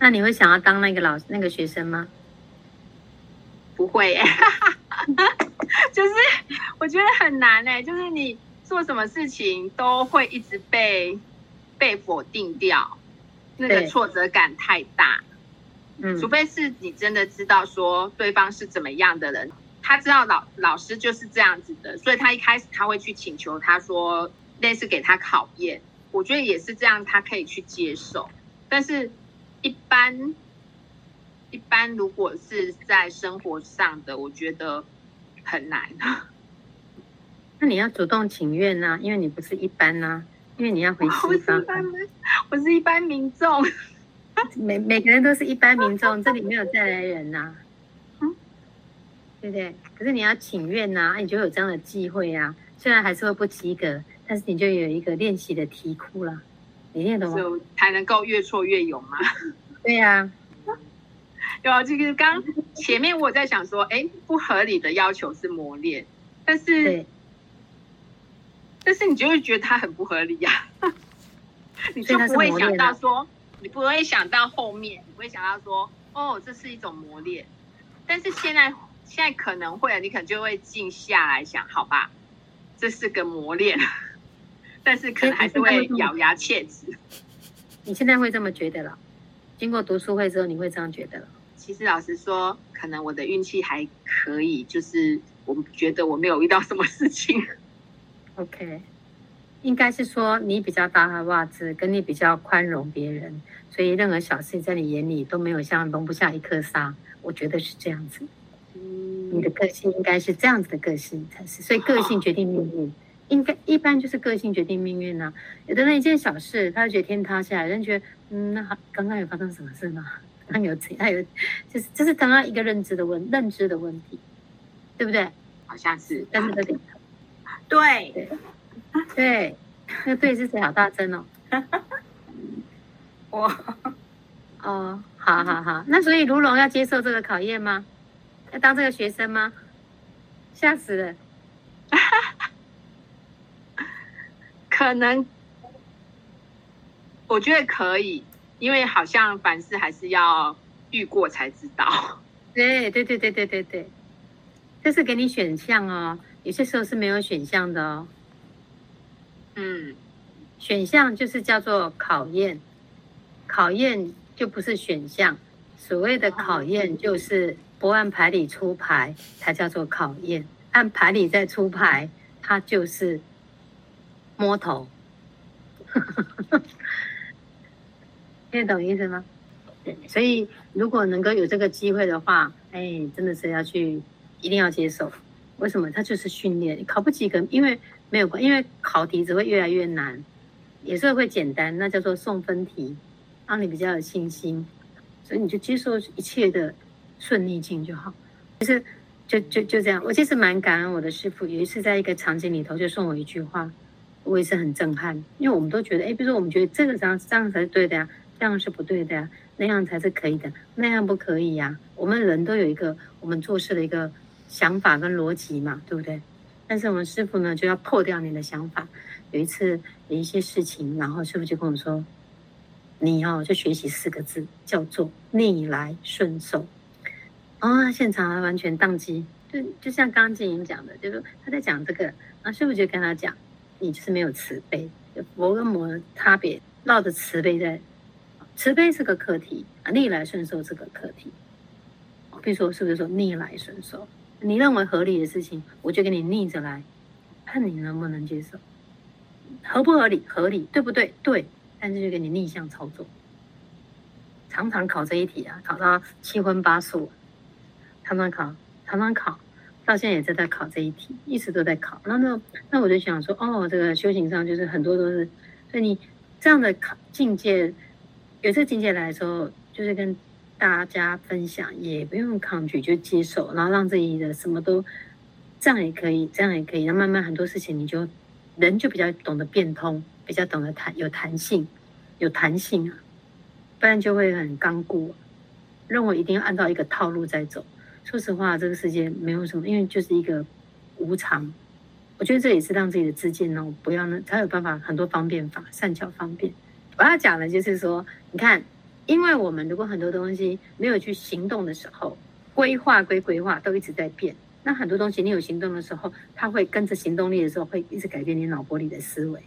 那你會想要當那個老，那個學生嗎？不會、欸， (laughs) 就是我覺得很難哎、欸，就是你做什麼事情都會一直被被否定掉，對嗯、那個挫折感太大。嗯，除非是你真的知道說對方是怎麼樣的人，他知道老老師就是這樣子的，所以他一開始他會去請求他說類似給他考驗，我覺得也是這樣，他可以去接受，但是一般。一般如果是在生活上的，我覺得很難。那你要主動請願吶、啊，因為你不是一般吶、啊，因為你要回西方、啊我。我是一般民眾， (laughs) 每每個人都是一般民眾， (laughs) 這裡沒有再來人吶、啊。 (laughs) 嗯、對不對？可是你要請願吶，啊，你就有這樣的機會呀、啊。雖然還是會不及格，但是你就有一個練習的題庫了，你練的就才能夠越挫越勇嘛、啊。 (laughs) 對呀、啊。有啊，這個剛前面我在想說，哎，不合理的要求是磨練，但是對但是你就會覺得它很不合理呀， (laughs) 你就不會想到說，你不會想到後面，你不會想到說，哦，這是一種磨練，但是現在現在可能會了，你可能就會靜下來想，好吧，這是個磨練， (laughs) 但是可能還是會咬牙切齒。你現在會這麼覺得了？經過讀書會之後，你會這樣覺得了？其實老實說，可能我的運氣還可以，就是我覺得我沒有遇到什麼事情。OK，應該是說你比較大襪子，跟你比較寬容別人，所以任何小事在你眼裡都沒有像容不下一顆沙。我覺得是這樣子，嗯、你的個性應該是這樣子的個性才是，所以個性決定命運，哦、應該一般就是個性決定命運、啊、有的那一件小事，他就覺得天塌下來，人覺得嗯，那好，剛剛有發生什麼事嗎？他有這，他有，就是就是，當他一個認知的問，認知的問題，對不對？好像是，但是這點對對、啊、對，對，對，那對是誰？好大聲哦！我哦，好好好，嗯、那所以盧龍要接受這個考驗嗎？要當這個學生嗎？嚇死了！可能，我覺得可以。因為好像凡事還是要遇過才知道，對對對對對對對，這是給你選項哦，有些時候是沒有選項的哦。嗯，選項就是叫做考驗，考驗就不是選項。所謂的考驗就是不按牌理出牌才叫做考驗，按牌理再出牌，它就是摸頭。 (laughs) 聽得懂意思嗎？對，所以如果能夠有這個機會的話，哎，真的是要去，一定要接受。為什麼？它就是訓練。考不及格，因為沒有關，因為考題只會越來越難，也是會簡單，那叫做送分題，讓你比較有信心。所以你就接受一切的順逆境就好，其實就就就這樣。我其實蠻感恩我的師傅，有一次在一個場景裡頭，就送我一句話，我也是很震撼，因為我們都覺得，哎，比如說我們覺得這個這樣這樣才是對的呀、啊。這樣是不對的呀，啊，那樣才是可以的，那樣不可以呀，啊。我們人都有一個我們做事的一個想法跟邏輯嘛，對不對？但是我們師父呢，就要破掉你的想法。有一次有一些事情，然後師父就跟我說：“你哦，就學習四個字，叫做逆來順受。”啊，現場還完全宕機。就就像剛剛靜瑩講的，就是他在講這個，然後師父就跟他講：“你就是沒有慈悲，佛跟魔差別鬧着慈悲在。”慈悲是個課題啊，逆來順受是個課題。比如說，是不是說逆來順受？你認為合理的事情，我就給你逆着來，看你能不能接受。合不合理？合理，對不對？對。但是就給你逆向操作。常常考這一題啊，考到七葷八素。常常考，常常考，到現在也在在考這一題，一直都在考。那那那，我就想說，哦，這個修行上就是很多都是，所以你這樣的考境界。有這境界來的時候，就是跟大家分享，也不用抗拒，就接受，然後讓自己的什麼都這樣也可以，這樣也可以。那慢慢很多事情，你就人就比較懂得變通，比較懂得彈有彈性，有彈性啊，不然就會很剛固、啊，認為一定要按照一個套路在走。說實話，這個世界沒有什麼，因為就是一個無常。我覺得這也是讓自己的知見哦，不要呢，才有辦法，很多方便法善巧方便。我要講的，就是說，你看，因為我們如果很多東西沒有去行動的時候，規劃歸規劃，都一直在變。那很多東西，你有行動的時候，它會跟着行動力的時候，會一直改變你腦波裡的思維。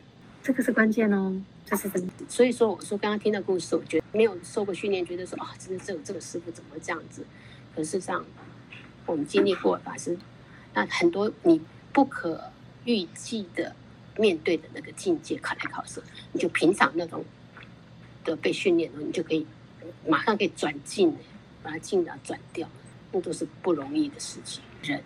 這個是關鍵哦，這是真的。所以說，我說剛剛聽的故事，我覺得沒有受過訓練，覺得說，啊，真的只有這個師傅怎麼會這樣子？可事實上，我們經歷過法師，嗯、哼那很多你不可預計的面對的那個境界，考來考試，你就平常那種。的被訓練了，你就可以馬上可以轉進，把它進的轉掉，那都是不容易的事情。人，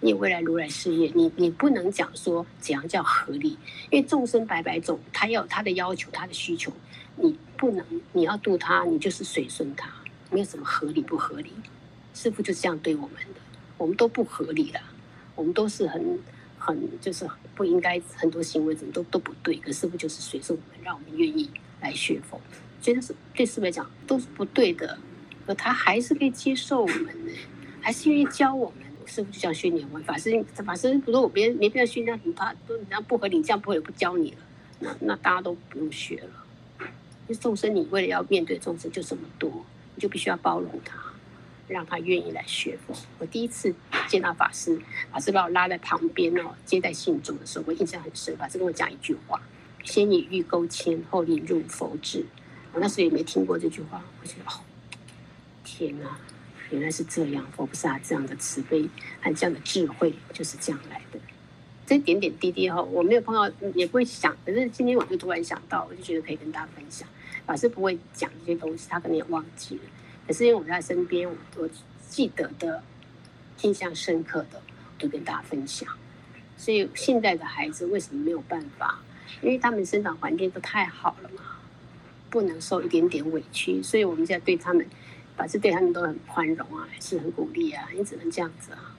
你未來如來事業，你你不能講說怎樣叫合理，因為眾生百百種，他有他的要求，他的需求，你不能，你要度他，你就是隨順他，沒有什麼合理不合理。師父就是這樣對我們的，我們都不合理了，我們都是很很就是不應該，很多行為怎麼都都不對，可是師父就是隨順我們，讓我們願意。來學佛，所以他是對四百講都是不對的，可他還是可以接受我們呢，還是願意教我們。師父就這樣訓練我們，法師，法師如果別人沒必要訓練你，怕都這樣不合理，這樣不會不教你了，那那大家都不用學了。眾生，你為了要面對眾生就這麼多，你就必須要包容他，讓他願意來學佛。我第一次見到法師，法師把我拉在旁邊哦，接待信眾的時候，我印象很深。法師跟我講一句話。先以欲鉤牽，後令入佛智。我那時候也沒聽過這句話，我覺得哦，天哪，原來是這樣！佛菩薩這樣的慈悲，還有這樣的智慧，就是這樣來的。這點點滴滴後我沒有碰到，也不會想。可是今天我就突然想到，我就覺得可以跟大家分享。老師不會講這些東西，他可能也忘記了。可是因為我在身邊，我都記得的、印象深刻的，我都跟大家分享。所以，現在的孩子為什麼沒有辦法？因為他們生長環境都太好了嘛，不能受一點點委屈，所以我們現在對他們，反正對他們都很寬容啊，還是很鼓勵啊，你只能這樣子啊，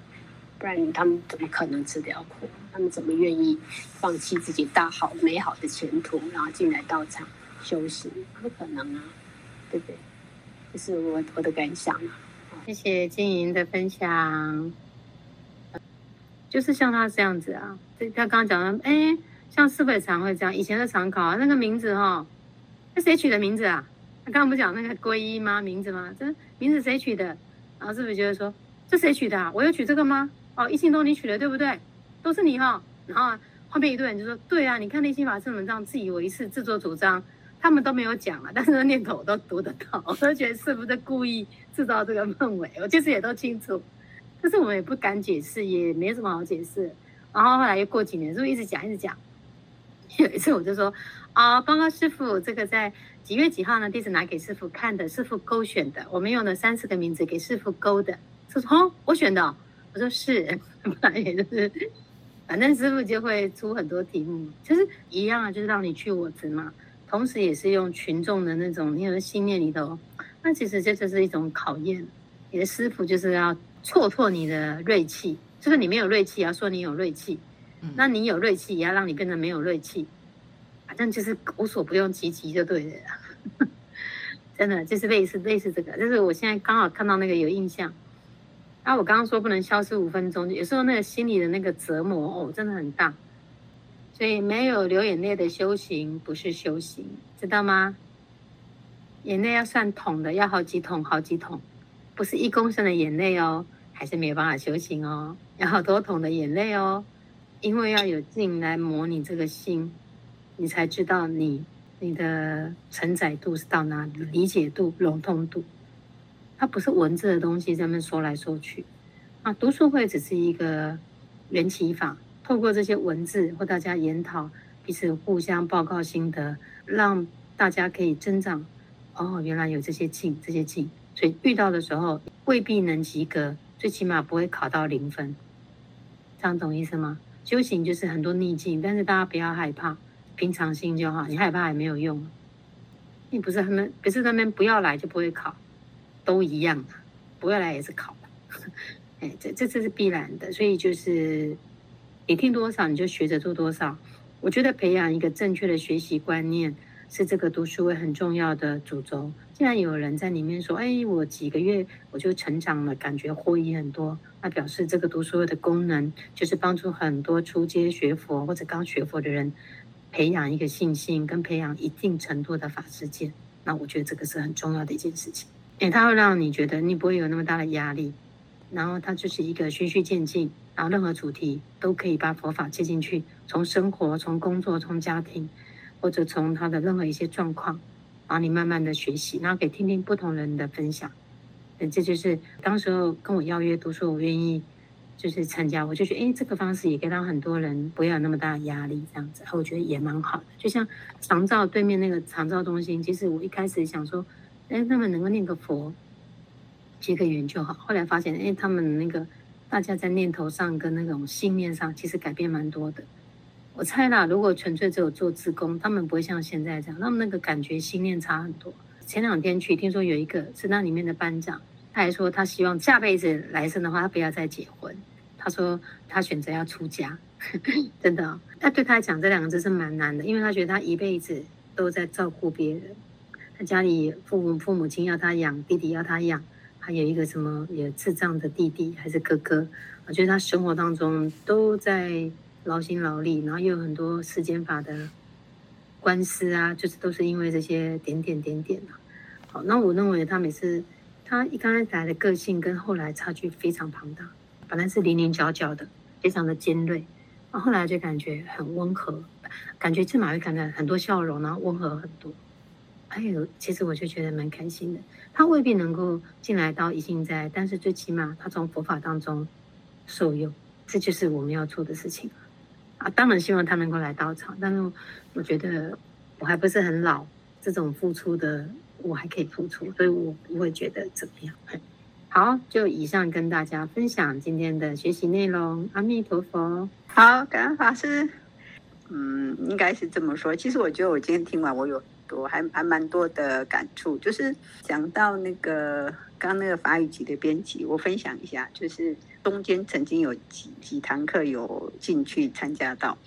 不然他們怎麼可能吃得了苦？他們怎麼願意放棄自己大好美好的前途，然後進來道場修行？不可能啊，對不對？這、就是我的我的感想啊。謝謝金瑩的分享，就是像他是這樣子啊，所以他剛剛講的哎。像是不是常會這樣？以前的常考啊，那個名字哈，那誰取的名字啊？他剛剛不講那個皈依嗎？名字嗎？這名字誰取的？然後是不是覺得說這誰取的啊？我又取這個嗎？哦，一心東你取的對不對？都是你哈。然後後面一堆人就說對啊，你看那些法師們這樣自以為是、自作主張，他們都沒有講啊，但是念頭我都讀得到，我都覺得是不是故意制造這個氛圍？我其實也都清楚，但是我們也不敢解釋，也沒什麼好解釋。然後後來又過幾年，就一直講，一直講。有一次我就說啊，報告師傅，這個在幾月幾號呢？地址拿給師傅看的，師傅勾選的，我們用了三十個名字給師傅勾的，他說哦，我選的，哦，我說是，反 (laughs) 正就是，反正師傅就會出很多題目，就是一樣，啊，就是讓你去我執嘛，同時也是用群眾的那種，你有信念裡頭，哦，那其實這就，就是一種考驗，你的師傅就是要挫挫你的銳氣，就是你沒有銳氣，要說你有銳氣。那你有銳氣，也要讓你變得沒有銳氣，反正就是無所不用其極就對的了。 (laughs) 真的就是類似類似這個，就是我現在剛好看到那個有印象。後、啊、我剛剛說不能消失五分鐘，有時候那個心裡的那個折磨哦，真的很大。所以沒有流眼淚的修行不是修行，知道嗎？眼淚要算桶的，要好幾桶好幾桶，不是一公升的眼淚哦，還是沒有辦法修行哦，要好多桶的眼淚哦。因為要有境來磨你這個心，你才知道你你的承載度是到哪裡，理解度、融通度。它不是文字的東西，在那說來說去。啊，讀書會只是一個緣起法，透過這些文字或大家研討，彼此互相報告心得，讓大家可以增長。哦，原來有這些境，這些境，所以遇到的時候未必能及格，最起碼不會考到零分。這樣懂意思嗎？修行就是很多逆境，但是大家不要害怕，平常心就好。你害怕也沒有用，你不是他們，不是他們不要來就不會考，都一樣的，不要來也是考。哎， (laughs) 這這，這是必然的，所以就是你聽多少，你就學着做多少。我覺得培養一個正確的學習觀念。是這個讀書會很重要的主軸。既然有人在裡面說，哎，我幾個月我就成長了，感覺獲益很多，那表示這個讀書會的功能就是幫助很多初階學佛或者剛學佛的人，培養一個信心跟培養一定程度的法知見。那我覺得這個是很重要的一件事情，因、哎、為它會讓你覺得你不會有那麼大的壓力，然後它就是一個循序漸進，然後任何主題都可以把佛法接進去，從生活、從工作、從家庭。或者從他的任何一些狀況，然後你慢慢的學習，然後可以聽聽不同人的分享，這就是當時候跟我邀約都說我願意就是參加，我就覺得哎，這個方式也可以讓很多人不要有那麼大的壓力，這樣子，我覺得也蠻好的。就像長照對面那個長照中心，其實我一開始想說，哎，他們能夠念個佛結個緣就好，後來發現，哎，他們那個大家在念頭上跟那種信念上，其實改變蠻多的。我猜啦，如果純粹只有做志工，他們不會像現在這樣，他們那個感覺心念差很多。前兩天去聽說有一個是那裡面的班長，他還說他希望下輩子來生的話，他不要再結婚。他說他選擇要出家，呵呵，真的哦。那對他來講，這兩個字是蠻難的，因為他覺得他一輩子都在照顧別人，他家裡父母、父母親要他養，弟弟要他養，還有一個什麼有智障的弟弟還是哥哥，我覺得他生活當中都在勞心勞力，然後又有很多世間法的官司啊，就是都是因為這些點點點點啊。好，那我認為他每次他一剛開始的個性跟後來差距非常龐大，本來是稜稜角角的，非常的尖銳，然後後來就感覺很溫和，感覺起碼會感到很多笑容，然後溫和很多。還、哎、有，其實我就覺得蠻開心的。他未必能夠進來到一境齋，但是最起碼他從佛法當中受用，這就是我們要做的事情。啊，當然希望他能夠來到場，但是我覺得我還不是很老，這種付出的我還可以付出，所以我不會覺得怎麼樣。好，就以上跟大家分享今天的學習內容。阿彌陀佛。好，感恩法師。嗯，應該是這麼說，其實我覺得我今天聽完，我有。我還還蠻多的感觸，就是講到那個剛那個法語集的編輯，我分享一下，就是中間曾經有幾幾堂課有進去參加到。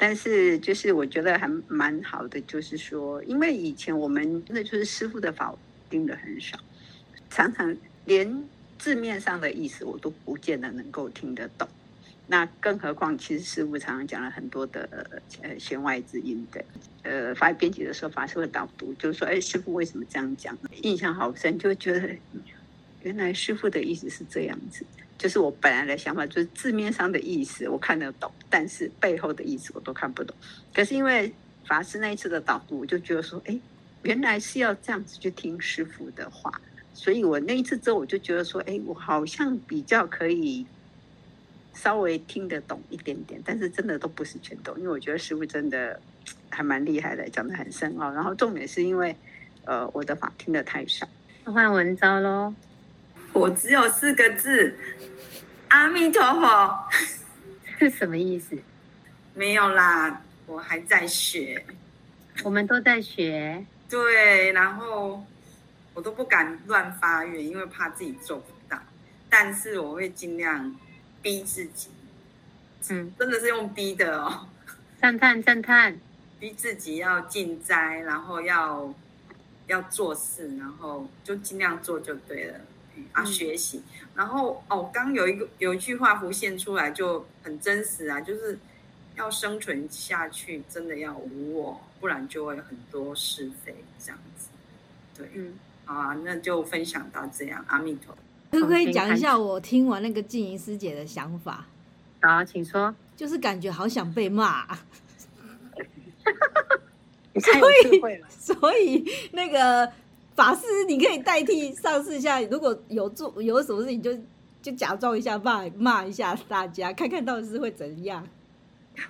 但是就是我覺得還蠻好的，就是說，因為以前我們那就是師父的法聽的很少，常常連字面上的意思我都不見得能夠聽得懂。那更何況，其實師父常常講了很多的呃弦外之音的。呃，法語編輯的時候，法師會導讀，就是說，哎、欸，師父為什麼這樣講？印象好深，就覺得、嗯、原來師父的意思是這樣子。就是我本來的想法，就是字面上的意思，我看得懂，但是背後的意思我都看不懂。可是因為法師那一次的導讀，我就覺得說，哎、欸，原來是要這樣子去聽師父的話。所以我那一次之後，我就覺得說，哎、欸，我好像比較可以。稍微聽得懂一點點，但是真的都不是全懂，因為我覺得師父真的還蠻厲害的，講得很深奧哦。然後重點是因為，呃，我的法聽得太少，換文章嘍。我只有四個字，阿彌陀佛，是什麼意思？沒有啦，我還在學。我們都在學。對，然後我都不敢亂發願，因為怕自己做不到，但是我會盡量。逼自己，嗯，真的是用逼的哦。讚嘆讚嘆，逼自己要盡災，然後要，要做事，然後就盡量做就對了，嗯、啊，學習，然後哦，剛剛有一個有一句話浮現出來就很真實啊，就是要生存下去，真的要無我，不然就會有很多是非這樣子，對，嗯，好啊，那就分享到這樣，阿彌陀。可不可以講一下我聽完那個靜怡師姐的想法？好，啊，請說。就是感覺好想被罵。哈哈哈！所以，所以那個法師，你可以代替上試一下，如果有做有什麼事情就，就就假裝一下罵罵一下大家，看看到底是會怎樣。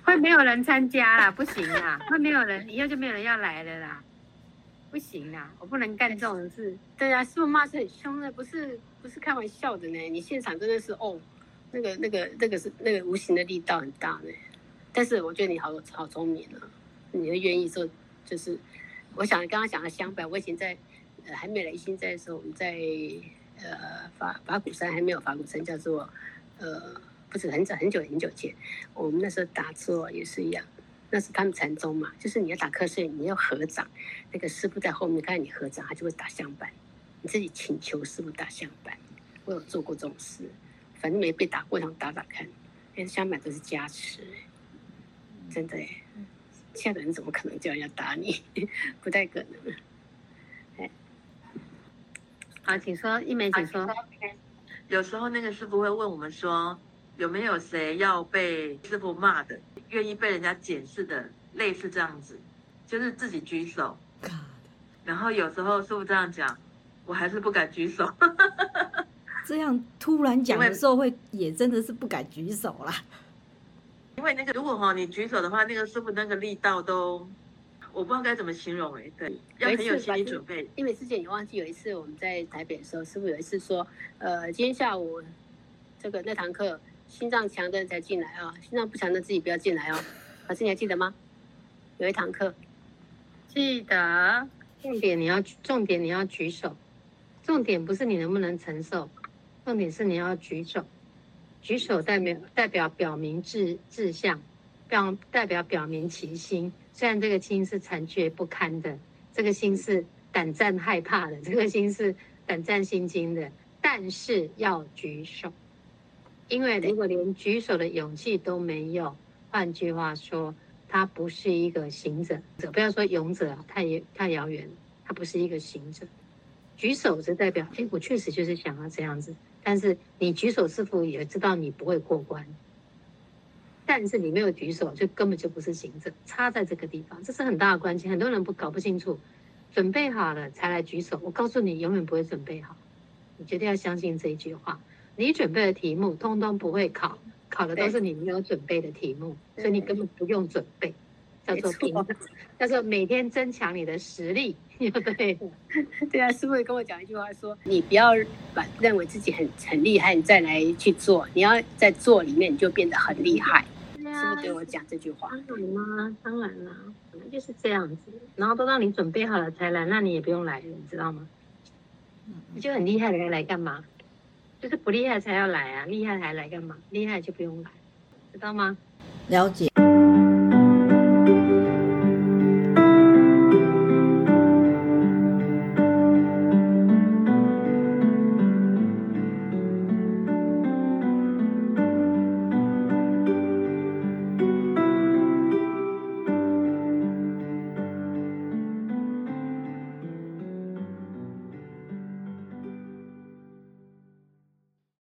會沒有人參加啦，不行啦， (laughs) 會沒有人，以後就沒有人要來了啦。不行啦，我不能幹這種事。唉對啊，不是罵是很凶的，不是？不是開玩笑的呢，你現場真的是哦，那個那個那個是那個無形的力道很大呢。但是我覺得你好好聰明啊，你又願意說就是，我想剛剛講到香板，我以前在呃還沒來宜興在的時候，我們在呃法法鼓山還沒有法鼓山，叫做呃不是很早很久很久前，我們那時候打坐也是一樣，那是他們禪宗嘛，就是你要打瞌睡，你要合掌，那個師傅在後面看你合掌，他就會打香板。你自己請求師父打香板，我有做過這種事，反正沒被打過，想打打看。因為香板都是加持，嗯、真的耶，嗯、現代人怎麼可能叫人家打你？不太可能。哎、好，請說，一梅請說，好請說，有時候那個師父會問我們說，有沒有誰要被師父罵的，願意被人家解釋的，類似這樣子，就是自己舉手。然後有時候師父這樣講。我還是不敢舉手， (laughs) 這樣突然講的時候會也真的是不敢舉手啦。因為那個，如果哈你舉手的話，那個師傅那個力道都我不知道該怎麼形容哎，對，要很有心理準備。因為之前你忘記有一次我們在台北的時候，師傅有一次說，呃，今天下午這個那堂課，心臟強的才進來啊，心臟不強的自己不要進來哦、啊。老師，你還記得嗎？有一堂課，記得。重點你要，嗯、重點你要舉手。重點不是你能不能承受，重點是你要舉手。舉手代表代表表明志志向，表代表表明其心。雖然這個心是殘缺不堪的，這個心是膽戰害怕的，這個心是膽戰心驚的，但是要舉手。因為如果連舉手的勇氣都沒有，換句話說，他不是一個行者。不要說勇者太太遙遠，他不是一個行者。舉手是代表，哎，我確實就是想要這樣子。但是你舉手是否也知道你不會過關？但是你沒有舉手，就根本就不是行者。差在這個地方，這是很大的關鍵。很多人不搞不清楚，準備好了才來舉手。我告訴你，永遠不會準備好。你絕對要相信這一句話。你準備的題目，通通不會考，考的都是你沒有準備的題目，對所以你根本不用準備。對叫做平等，錯叫做每天增強你的實力。對， (laughs) 對啊，師傅也跟我講一句話說，說你不要把認為自己很很厲害，你再來去做，你要在做裡面你就變得很厲害。是不是對我講這句話？當然啦，當然啦，本來就是這樣子。然後都讓你準備好了才來，那你也不用來了，你知道嗎？你就很厲害，你還來幹嘛？就是不厲害才要來啊，厲害還來幹嘛？厲害就不用來，知道嗎？了解。